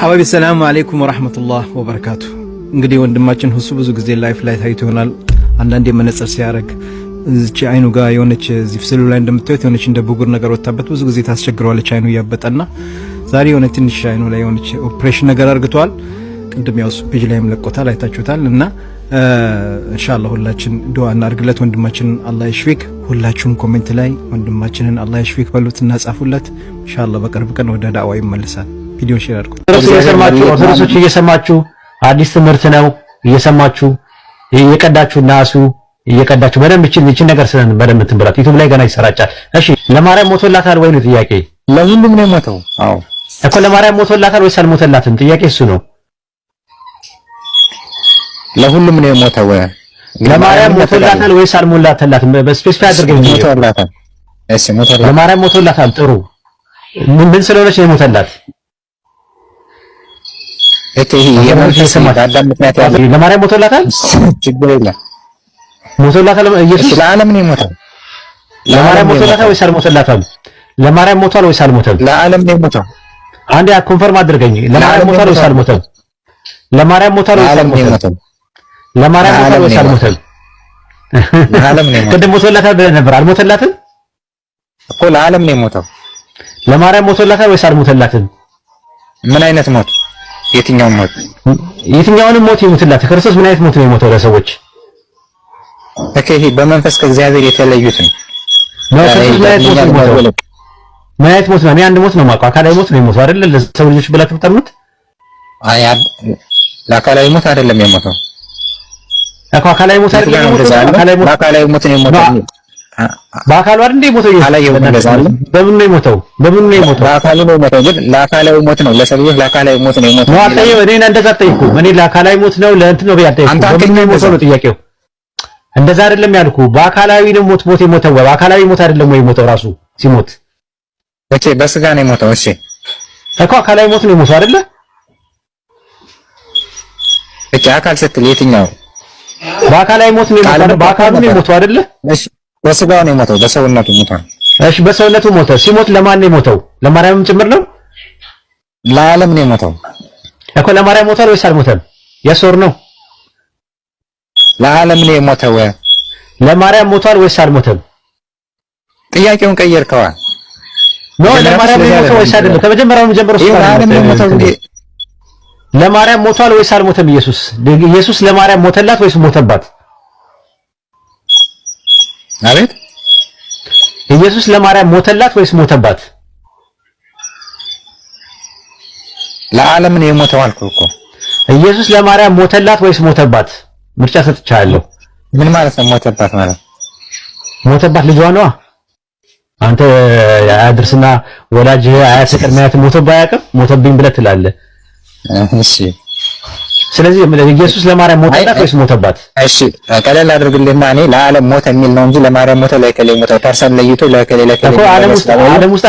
ሀባቢ ሰላም አለይኩም ወራህመቱላህ ወበረካቱ። እንግዲህ ወንድማችን ሁሱ ብዙ ጊዜ ላይፍ ላይ ታይቶ ይሆናል። አንዳንዴ መነጽር ሲያደርግ እዚች አይኑ ጋር የሆነች እዚህ ፍስሉ ላይ እንደምታዩት የሆነች እንደ ብጉር ነገር ወጣበት። ብዙ ጊዜ ታስቸግረዋለች አይኑ እያበጠና፣ ዛሬ የሆነ ትንሽ አይኑ ላይ የሆነች ኦፕሬሽን ነገር አርግቷል። ቅድም ያው ፔጅ ላይም ለቆታል አይታችሁታል። እና እንሻላ ሁላችን ድዋ እናድርግለት ወንድማችንን አላህ ይሽፊክ። ሁላችሁም ኮሜንት ላይ ወንድማችንን አላህ ይሽፊክ በሉት እና ጻፉለት። ኢንሻአላህ በቅርብ ቀን ወደ ዳዕዋ ይመልሳል። ቪዲዮ ሼር አድርጉ። እየሰማችሁ እየሰማችሁ አዲስ ትምህርት ነው እየሰማችሁ እየቀዳችሁ ናሱ እየቀዳችሁ በደንብ እቺን እቺን ነገር ስለን በደንብ ትንብላት ዩቲዩብ ላይ ገና ይሰራጫል። እሺ ለማርያም ሞቶላታል ወይ ነው ጥያቄ። ለሁሉም ነው የሞተው። አዎ እኮ ለማርያም ሞቶላታል ወይስ አልሞተላትም? ጥያቄ እሱ ነው። ለሁሉም ነው የሞተው። ለማርያም ሞቶላታል ወይስ አልሞላተላትም? በስፔሲፋይ አድርገኝ። ሞቶላታል። እሺ ሞቶላታል። ለማርያም ሞቶላታል። ጥሩ ምን ስለሆነች ነው የሞተላት? ለማርያም ሞቷል ወይስ አልሞተም? ለዓለም ነው የሞተው። ኮንፈርም አድርገኝ። ለማርያም ሞቷል ወይስ አልሞተም? ለማርያም ሞቷል ወይስ አልሞተም? ለማርያም ሞቷል ወይስ አልሞተም? ለዓለም ነው የሞተው። ቅድም ሞቶላታል ብለህ ነበር። አልሞተላትም እኮ ለዓለም ነው የሞተው። ለማርያም ሞቶላታል ወይስ አልሞተላትም? ምን አይነት ሞት የትኛውን ሞት? የትኛውንም ሞት ይሙትላት። ክርስቶስ ምን አይነት ሞት ነው የሞተው ለሰዎች? ኦኬ፣ ይሄ በመንፈስ ከእግዚአብሔር የተለዩትን ነው። ምን አይነት ሞት ነው የሞተው? ሞት ነው? እኔ አንድ ሞት ነው የማውቀው። አካላዊ ሞት ነው የሞተው አይደለ? ለሰው ልጆች ብላችሁ ተጠምኑት። አይ ለአካላዊ ሞት አይደለም የሞተው። አካላዊ ሞት አይደለም የሞተው። አካላዊ ሞት ነው የሞተው በአካሉ አይደል እንደ ሞተው አላየሁም። በምን ነው የሞተው? በምን ነው የሞተው? በአካሉ ነው የሞተው። ግን ለአካላዊ ሞት ነው ለሰው ለአካላዊ ሞት ነው የሞተው ነው አጠየው። እኔ እንደዛ ጠይቁ። እኔ ለአካላዊ ሞት ነው ለእንትን ነው ያጠይቁ። አንተ ነው ሞተው ነው ጥያቄው። እንደዛ አይደለም ያልኩ። በአካላዊ ነው ሞት ሞት የሞተው በአካላዊ ሞት አይደለም ወይ የሞተው? ራሱ ሲሞት እቺ በስጋ ነው የሞተው። እሺ እኮ አካላዊ ሞት ነው የሞተው አይደለ? እቺ አካል ስትል የትኛው በአካላዊ ሞት ነው የሞተው? በአካሉ ነው የሞተው አይደለ? እሺ በስጋው ነው የሞተው፣ በሰውነቱ ሞተው። እሺ፣ በሰውነቱ ሞተ። ሲሞት ለማን ነው የሞተው? ለማርያምም ጭምር ነው? ለዓለም ነው የሞተው እኮ። ለማርያም ሞቷል ወይስ አልሞተም? የሶር ነው። ለዓለም ነው የሞተው። ለማርያም ሞቷል ወይስ አልሞተም? ጥያቄውን ቀየርከዋል። ኖ ለማርያም ነው የሞተው ወይስ አይደለም? ከመጀመሪያውም ጀምሮ ለማርያም ሞቷል ወይስ አልሞተም? ኢየሱስ ኢየሱስ ለማርያም ሞተላት ወይስ ሞተባት? አቤት ኢየሱስ ለማርያም ሞተላት ወይስ ሞተባት? ለዓለም ነው የሞተው አልኩህ እኮ። ኢየሱስ ለማርያም ሞተላት ወይስ ሞተባት? ምርጫ ሰጥቻለሁ። ምን ማለት ነው ሞተባት ማለት? ሞተባት ልጇ ነዋ። አንተ አያድርስና ወላጅ አያት ፍቅር ማያት ሞተባ አያውቅም ሞተብኝ ብለህ ትላለህ። እሺ ስለዚህ ኢየሱስ ለማርያም ሞተላት ወይስ ሞተባት? እሺ ቀለል አድርግልህና እኔ ለዓለም ሞተ የሚል ነው እንጂ ለማርያም ሞተ ለከሌ ሞተ ፐርሰን ለይቶ ለከሌ ለከሌ እኮ ዓለም ውስጥ ዓለም ውስጥ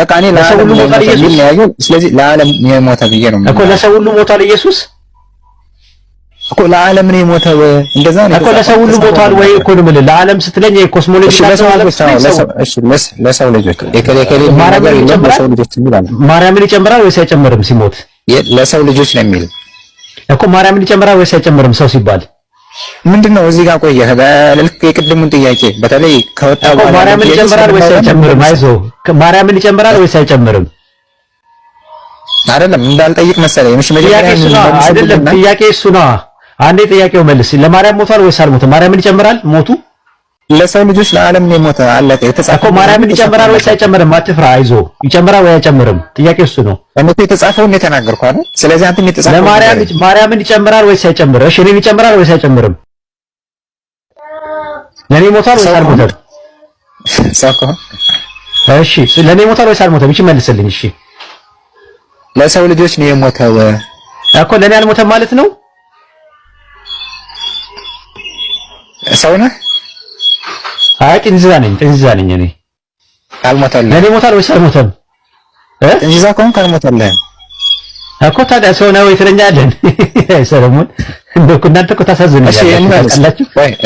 በቃ እኔ ለዓለም ሞተ ነው። ስለዚህ ለዓለም ነው እኮ እኮ ለዓለም ነው እንደዛ ነው እኮ ለሰው ሁሉ ሞቷል ወይ እኮ ነው የምልህ። ለዓለም ስትለኝ ኮስሞሎጂ ለሰው ልጆች ለሰው ማርያምን ይጨምራል ወይስ አይጨምርም ሲሞት ለሰው ልጆች ነው የሚል እኮ ማርያም ይጨምራል ወይስ አይጨምርም? ሰው ሲባል ምንድነው? እዚህ ጋር ቆየ ለልክ የቅድሙን ጥያቄ በተለይ ከወጣ በኋላ ማርያም ይጨምራል ወይስ አይጨምርም? አይዞ ማርያም ይጨምራል ወይስ አይጨምርም? አይደለም እንዳልጠይቅ መሰለኝ። እሺ መጀመሪያ አይደለም፣ ጥያቄ እሱ ነው። አንዴ ጥያቄው መልስ። ለማርያም ሞቷል ወይስ አልሞተም? ማርያምን ይጨምራል ሞቱ ለሰው ልጆች ለዓለም ነው የሞተ አለቀ። የተጻፈው ማርያምን ይጨምራል ወይስ አይጨምርም? አትፍራ፣ አይዞ ይጨምራል ወይ አይጨምርም? ጥያቄ እሱ ነው። እነሱ የተጻፈው ነው የተናገርኩ አይደል? ስለዚህ አንተም የተጻፈው ለማርያም ልጅ ማርያምን ይጨምራል ወይስ አይጨምርም? እሺ፣ እኔን ይጨምራል ወይስ አይጨምርም? ለኔ ሞታል ወይስ አልሞተም? ሳቆ እሺ፣ ለኔ ሞታል ወይስ አልሞተም? እሺ መልስልኝ። እሺ፣ ለሰው ልጆች ነው የሞተው እኮ ለኔ አልሞተም ማለት ነው። ሰው ነህ አይ ጥንዚዛ ነኝ ጥንዚዛ ነኝ እኔ አልሞተልህም። እኔ ሞታል ወይስ አልሞተም? ጥንዚዛ ከሆንክ አልሞተልህም እኮ ታዲያ ሰው ነው ትለኛለህ። ሰለሞን እንደው እናንተ እኮ ታሳዝናላችሁ።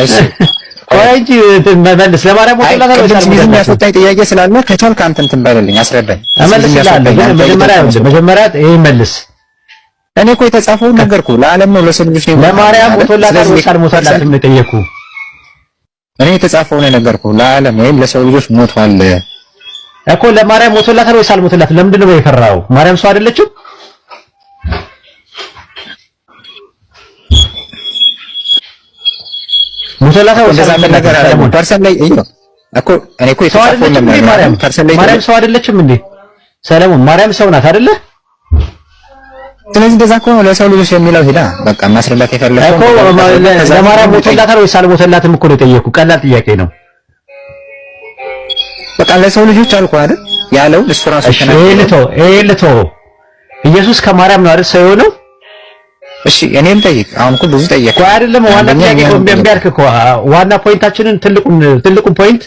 እሺ ቆይ እንጂ ለማርያም እኔ ለዓለም ነው ለሰው ነው። ለማርያም ወይስ አልሞተላትም ነው የጠየኩህ እኔ የተጻፈው የተጻፈውን የነገርኩህ ለዓለም ወይም ለሰው ልጆች ሞቷል እኮ። ለማርያም ሞቶላታል ወይስ አልሞቶላትም? ለምንድን ነው የፈራው? ማርያም ሰው አይደለችም? ሞቶላታል ወይስ አልሞቶላትም? ፐርሰን ላይ እዩ እኮ እኔ እኮ የተጻፈውን ማርያም ሰው አይደለችም እንዴ ሰለሞን? ማርያም ሰው ናት አይደለ? ስለዚህ እንደዛ ከሆነ ለሰው ልጆች የሚለው ሄዳ በቃ ማስረዳት የፈለከው እኮ ለማርያም ሞተላታል ወይስ አልሞተላትም እኮ ነው የጠየኩህ። ቀላል ጥያቄ ነው። በቃ ለሰው ልጆች አልኩ አይደል ያለው እሱ ራሱ ተናገረ። ተናግሮ ኢየሱስ ከማርያም ነው አይደል ሰው የሆነው? እሺ እኔም ጠይቅ። አሁን እኮ ብዙ ጠየቅ አይደለም። ዋና ጥያቄ እኮ የሚያልክ እኮ ዋና ፖይንታችንን ትልቁን ትልቁን ፖይንት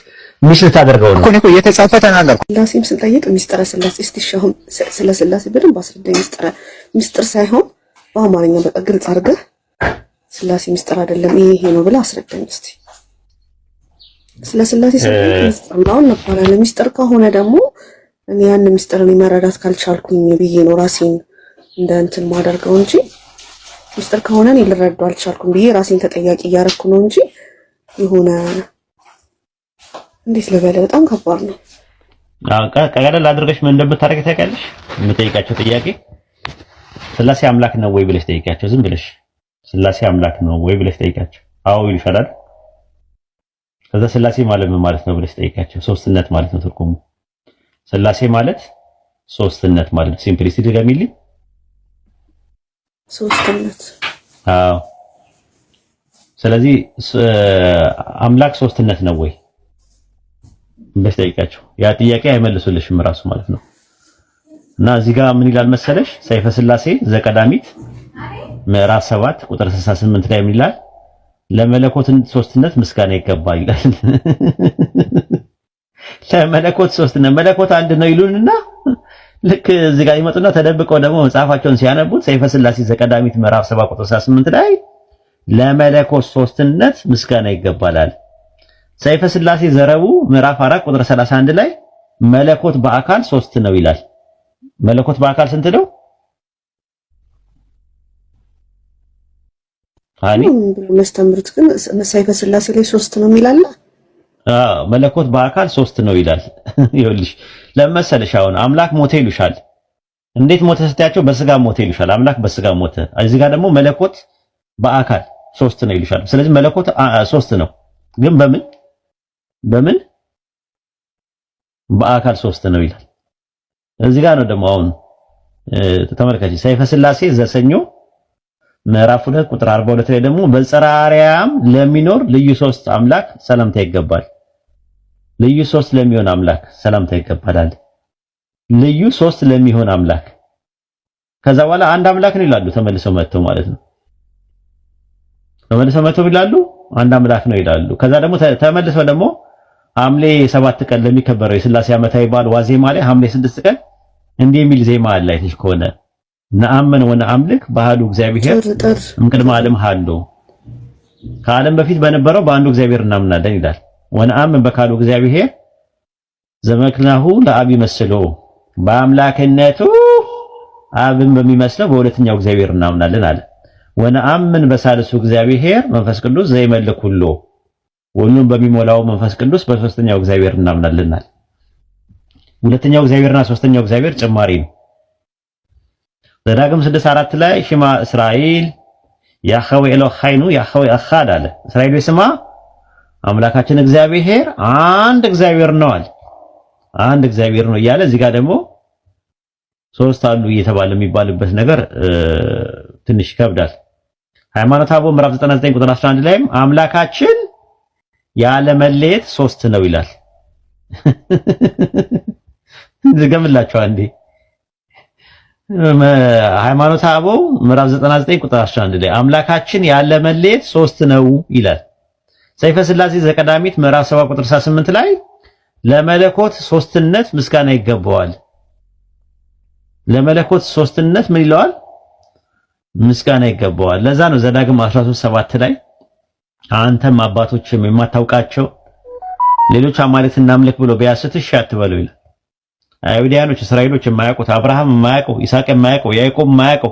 ሚስል ታደርገው ነው እኮ የተጻፈ ተናገርኩ። ስላሴም ስንጠይቅ ሚስጥረ ስላሴ እስቲ ሻሁን ስለ ስላሴ በደንብ አስረዳኝ። ሚስጥረ ሚስጥር ሳይሆን በአማርኛ በቃ ግልጽ አድርገህ ስላሴ ሚስጥር አይደለም ይሄ ይሄ ነው ብለህ አስረዳኝ እስቲ። ስለ ስላሴ ሚስጥር ነው እንባላለን። ሚስጥር ከሆነ ደግሞ እኔ ያን ሚስጥር እኔ መረዳት ካልቻልኩኝ ብዬ ነው ራሴን እንደ እንትን ማደርገው እንጂ ሚስጥር ከሆነ እኔ ልረዳው አልቻልኩም ብዬ ራሴን ተጠያቂ እያደረኩ ነው እንጂ የሆነ እንዴት ልበለ በጣም ከባድ ነው። ቀለል አድርገሽ ምን እንደምታደርጊ ታውቂያለሽ? የምጠይቃቸው ጥያቄ ስላሴ አምላክ ነው ወይ ብለሽ ጠይቂያቸው። ዝም ብለሽ ስላሴ አምላክ ነው ወይ ብለሽ ጠይቂያቸው። አዎ ይሻላል። ከዛ ስላሴ ማለት ምን ማለት ነው ብለሽ ጠይቂያቸው። ሶስትነት ማለት ነው ትርጉሙ። ስላሴ ማለት ሶስትነት ማለት ነው። ሲምፕሊሲቲ ድገሚልኝ። ሶስትነት። አዎ ስለዚህ አምላክ ሶስትነት ነው ወይ ብትጠይቂያቸው ያ ጥያቄ አይመልሱልሽም እራሱ ማለት ነው። እና እዚህ ጋር ምን ይላል መሰለሽ ሰይፈ ስላሴ ዘቀዳሚት ምዕራፍ 7 ቁጥር 68 ላይ ምን ይላል? ለመለኮት ሶስትነት ምስጋና ይገባል ይላል። ለመለኮት ሶስትነት መለኮት አንድ ነው ይሉንና ልክ እዚህ ጋር ይመጡና ተደብቀው ደግሞ መጽሐፋቸውን ሲያነቡት ሰይፈ ስላሴ ዘቀዳሚት ምዕራፍ 7 ቁጥር 68 ላይ ለመለኮት ሶስትነት ምስጋና ይገባላል ሰይፈ ስላሴ ዘረቡ ምዕራፍ 4 ቁጥር 31 ላይ መለኮት በአካል ሶስት ነው ይላል። መለኮት በአካል ስንት ነው? አኒ መስተምርት ግን ሰይፈ ስላሴ ላይ ሶስት ነው የሚላል። አዎ መለኮት በአካል ሶስት ነው ይላል። ይኸውልሽ ለመሰለሽ አሁን አምላክ ሞተ ይሉሻል። እንዴት ሞተ ስትያቸው በስጋ ሞተ ይሉሻል። አምላክ በስጋ ሞተ። እዚህ ጋር ደግሞ መለኮት በአካል ሶስት ነው ይሉሻል። ስለዚህ መለኮት ሶስት ነው ግን በምን በምን በአካል ሶስት ነው ይላል። እዚህ ጋር ነው ደግሞ አሁን ተመልካች ሰይፈ ስላሴ ዘሰኞ ምዕራፍ ሁለት ቁጥር 42 ላይ ደግሞ በጸራሪያም ለሚኖር ልዩ ሶስት አምላክ ሰላምታ ይገባል። ልዩ ሶስት ለሚሆን አምላክ ሰላምታ ይገባላል። ልዩ ሶስት ለሚሆን አምላክ ከዛ በኋላ አንድ አምላክ ነው ይላሉ። ተመልሰው መጥተው ማለት ነው። ተመልሰው መጥተው ይላሉ አንድ አምላክ ነው ይላሉ። ከዛ ደግሞ ተመልሰው ደግሞ ሐምሌ ሰባት ቀን ለሚከበረው የስላሴ ዓመታዊ በዓል ዋዜማ ላይ ሐምሌ ስድስት ቀን እንዲህ የሚል ዜማ አለ። አይተሽ ከሆነ ነአምን ወነአምልክ ባህሉ እግዚአብሔር እምቅድመ ዓለም ሀሎ፣ ከዓለም በፊት በነበረው በአንዱ እግዚአብሔር እናምናለን ይላል። ወነአምን በካሉ እግዚአብሔር ዘመክናሁ ለአብ ይመስሎ፣ በአምላክነቱ አብን በሚመስለው በሁለተኛው እግዚአብሔር እናምናለን አለ። ወነአምን በሳልሱ እግዚአብሔር መንፈስ ቅዱስ ዘይመልክ ሁሉ ሁሉን በሚሞላው መንፈስ ቅዱስ በሶስተኛው እግዚአብሔር እናምናልናል። ሁለተኛው እግዚአብሔርና ሶስተኛው እግዚአብሔር ጭማሪ ነው። ዘዳግም 6:4 ላይ ሽማ እስራኤል ያኸዌ ኤሎሃይኑ ያኸዌ አኻድ አለ። እስራኤል ስማ አምላካችን እግዚአብሔር አንድ እግዚአብሔር ነው አለ። አንድ እግዚአብሔር ነው እያለ እዚህ ጋር ደግሞ ሶስት አሉ እየተባለ የሚባልበት ነገር ትንሽ ይከብዳል። ሃይማኖተ አበው ምዕራፍ 99 ቁጥር 11 ላይም አምላካችን ያለ መለየት ሶስት ነው ይላል። ዝገምላችሁ አንዴ ሃይማኖት አበው ምዕራፍ 99 ቁጥር 11 ላይ አምላካችን ያለ መለየት ሶስት ነው ይላል። ሰይፈ ስላሴ ዘቀዳሚት ምዕራፍ 7 ቁጥር 68 ላይ ለመለኮት ሶስትነት ምስጋና ይገባዋል። ለመለኮት ሶስትነት ምን ይለዋል? ምስጋና ይገባዋል። ለዛ ነው ዘዳግም 13 7 ላይ አንተም አባቶችም የማታውቃቸው ሌሎች አማልክት እናምልክ ብሎ ቢያስትሽ አትበሉ ይላል። አይሁዲያኖች፣ እስራኤሎች የማያውቁት አብርሃም የማያውቀው ይስሐቅ የማያውቀው ያዕቆብ የማያውቀው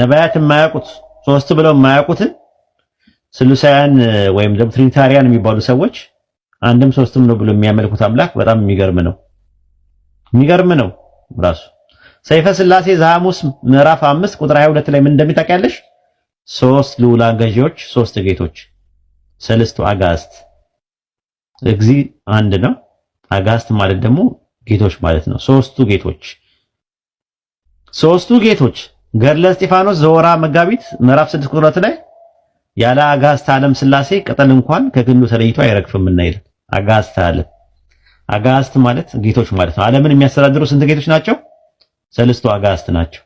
ነቢያት የማያውቁት ሶስት ብለው የማያውቁትን ስሉሳያን ወይም ደግሞ ትሪኒታሪያን የሚባሉ ሰዎች አንድም ሶስትም ነው ብሎ የሚያመልኩት አምላክ በጣም የሚገርም ነው። የሚገርም ነው ራሱ ሰይፈ ስላሴ ዘሐሙስ ምዕራፍ 5 ቁጥር 22 ላይ ምን እንደሚታውቂያለሽ? ሶስት ልዑላን ገዢዎች፣ ሶስት ጌቶች ሰለስቱ አጋስት እግዚ አንድ ነው። አጋስት ማለት ደግሞ ጌቶች ማለት ነው። ሶስቱ ጌቶች ሶስቱ ጌቶች ገድለ እስጢፋኖስ ዘወራ መጋቢት ምዕራፍ 6 ቁጥር ላይ ያለ አጋስት ዓለም ስላሴ ቅጠል እንኳን ከግንዱ ተለይቶ አይረግፍም እና ይላል። አጋስት ዓለም አጋስት ማለት ጌቶች ማለት ነው። ዓለምን የሚያስተዳድሩ ስንት ጌቶች ናቸው? ሰለስቱ አጋስት ናቸው።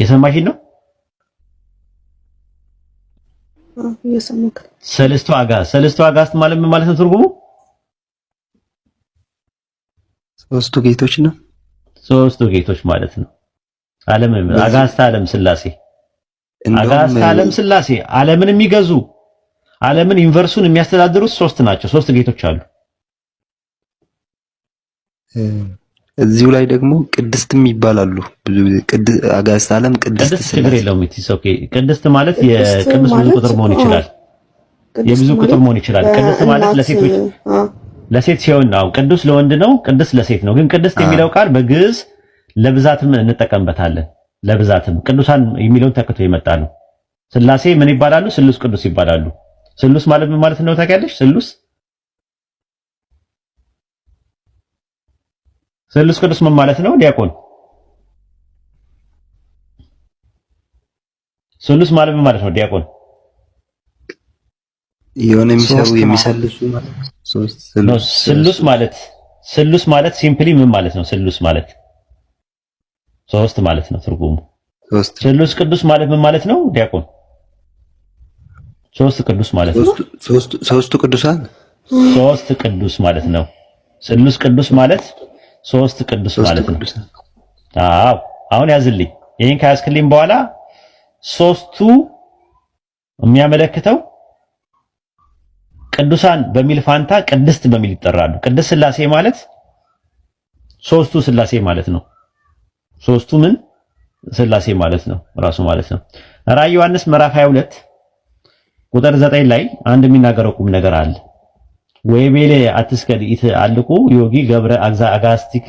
የሰማሽ ነው? ሰለስቱ አጋ ሰለስቱ አጋዕዝት ማለት ምን ማለት ነው? ትርጉሙ ሶስቱ ጌቶች ነው። ሶስቱ ጌቶች ማለት ነው። ዓለም አጋዕዝተ ዓለም ስላሴ አጋዕዝተ ዓለም ስላሴ ዓለምን የሚገዙ ዓለምን ዩኒቨርሱን የሚያስተዳድሩት ሶስት ናቸው። ሶስት ጌቶች አሉ። እዚሁ ላይ ደግሞ ቅድስትም ይባላሉ። ብዙ ጊዜ አጋዕዝተ ዓለም ቅድስት ችግር የለውም። ቅድስት ማለት የቅዱስ ብዙ ቁጥር መሆን ይችላል። የብዙ ቁጥር መሆን ይችላል። ቅድስት ማለት ለሴቶች ለሴት ሲሆን ነው። ቅዱስ ለወንድ ነው፣ ቅድስት ለሴት ነው። ግን ቅድስት የሚለው ቃል በግዕዝ ለብዛትም እንጠቀምበታለን። ለብዛትም ቅዱሳን የሚለውን ተክቶ የመጣ ነው። ስላሴ ምን ይባላሉ? ስሉስ ቅዱስ ይባላሉ። ስሉስ ማለት ምን ማለት ነው ታውቂያለሽ? ስሉስ ስሉስ ቅዱስ ምን ማለት ነው? ዲያቆን ስሉስ ማለት ምን ማለት ነው? ዲያቆን የሆነ የሚሰሩ የሚሰልሱ ማለት ነው። ስሉስ ማለት ስሉስ ማለት ሲምፕሊ ምን ማለት ነው? ስሉስ ማለት ሶስት ማለት ነው ትርጉሙ። ስሉስ ቅዱስ ማለት ምን ማለት ነው? ዲያቆን ሶስት ቅዱስ ማለት ነው። ሶስት ቅዱሳን ሶስት ቅዱስ ማለት ነው። ስሉስ ቅዱስ ማለት ሶስት ቅዱስ ማለት ነው። አዎ አሁን ያዝልኝ። ይሄን ካያዝክልኝ በኋላ ሶስቱ የሚያመለክተው ቅዱሳን በሚል ፋንታ ቅድስት በሚል ይጠራሉ። ቅድስት ስላሴ ማለት ሶስቱ ስላሴ ማለት ነው። ሶስቱ ምን ስላሴ ማለት ነው ራሱ ማለት ነው። ራዕይ ዮሐንስ ምዕራፍ 22 ቁጥር 9 ላይ አንድ የሚናገረው ቁም ነገር አለ። ወይቤሌ አትስከድ አልቁ ዮጊ ገብረ አጋስቲኪ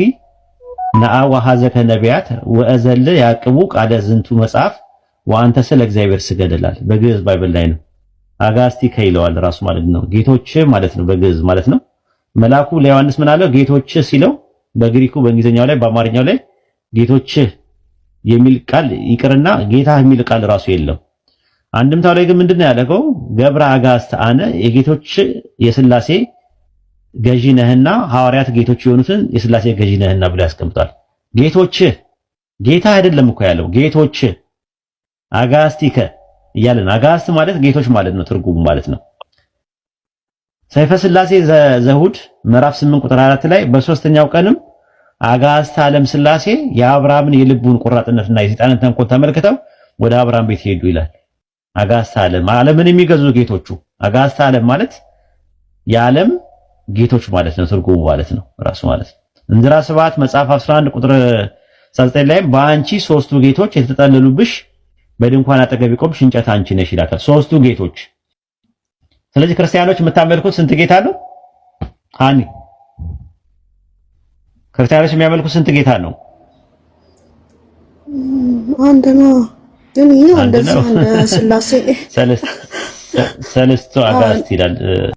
ነአ ወሃዘ ነቢያት ወእዘለ ያቅቡ ቃለ ዝንቱ መጽሐፍ ወአንተ ስለ እግዚአብሔር ስገደላል። በግዕዝ ባይብል ላይ ነው። አጋስቲከ ይለዋል ራሱ ማለት ነው። ጌቶች ማለት ነው በግዕዝ ማለት ነው። መልአኩ ለዮሐንስ ምን አለው? ጌቶች ሲለው በግሪኩ በእንግሊዝኛው ላይ በአማርኛው ላይ ጌቶች የሚል ቃል ይቅርና ጌታ የሚል ቃል ራሱ የለው። አንድምታው ላይ ግን ምንድነው ያደረገው? ገብረ አጋዕዝተ አነ የጌቶች የስላሴ ገዢ ነህና ሐዋርያት ጌቶች የሆኑትን የስላሴ ገዢ ነህና ብሎ ያስቀምጧል። ጌቶች ጌታ አይደለም እኮ ያለው ጌቶች አጋስቲከ እያለ ነው። ማለት ጌቶች ማለት ነው፣ ትርጉሙ ማለት ነው። ሰይፈ ስላሴ ዘሁድ ምዕራፍ 8 ቁጥር 4 ላይ በሶስተኛው ቀንም አጋዕዝተ ዓለም ስላሴ የአብርሃምን የልቡን ቁራጥነትና የሰይጣንን ተንኮል ተመልክተው ወደ አብርሃም ቤት ሄዱ ይላል። አጋስታ ዓለም ዓለምን የሚገዙ ጌቶቹ አጋስታ ዓለም ማለት የዓለም ጌቶች ማለት ነው። ትርጉሙ ማለት ነው ራሱ ማለት ነው። እንዝራ ስብሐት መጽሐፍ 11 ቁጥር 19 ላይ በአንቺ ሶስቱ ጌቶች የተጠለሉብሽ በድንኳን አጠገብ የቆምሽ እንጨት አንቺ ነሽ ይላታል። ሶስቱ ጌቶች። ስለዚህ ክርስቲያኖች የምታመልኩት ስንት ጌታ ነው? አኒ ክርስቲያኖች የሚያመልኩት ስንት ጌታ ነው? አንድ ነው። ግን ይሄ እንደዚህ ሆነ ስላሴ ሰለስቱ አጋዕዝት ይላል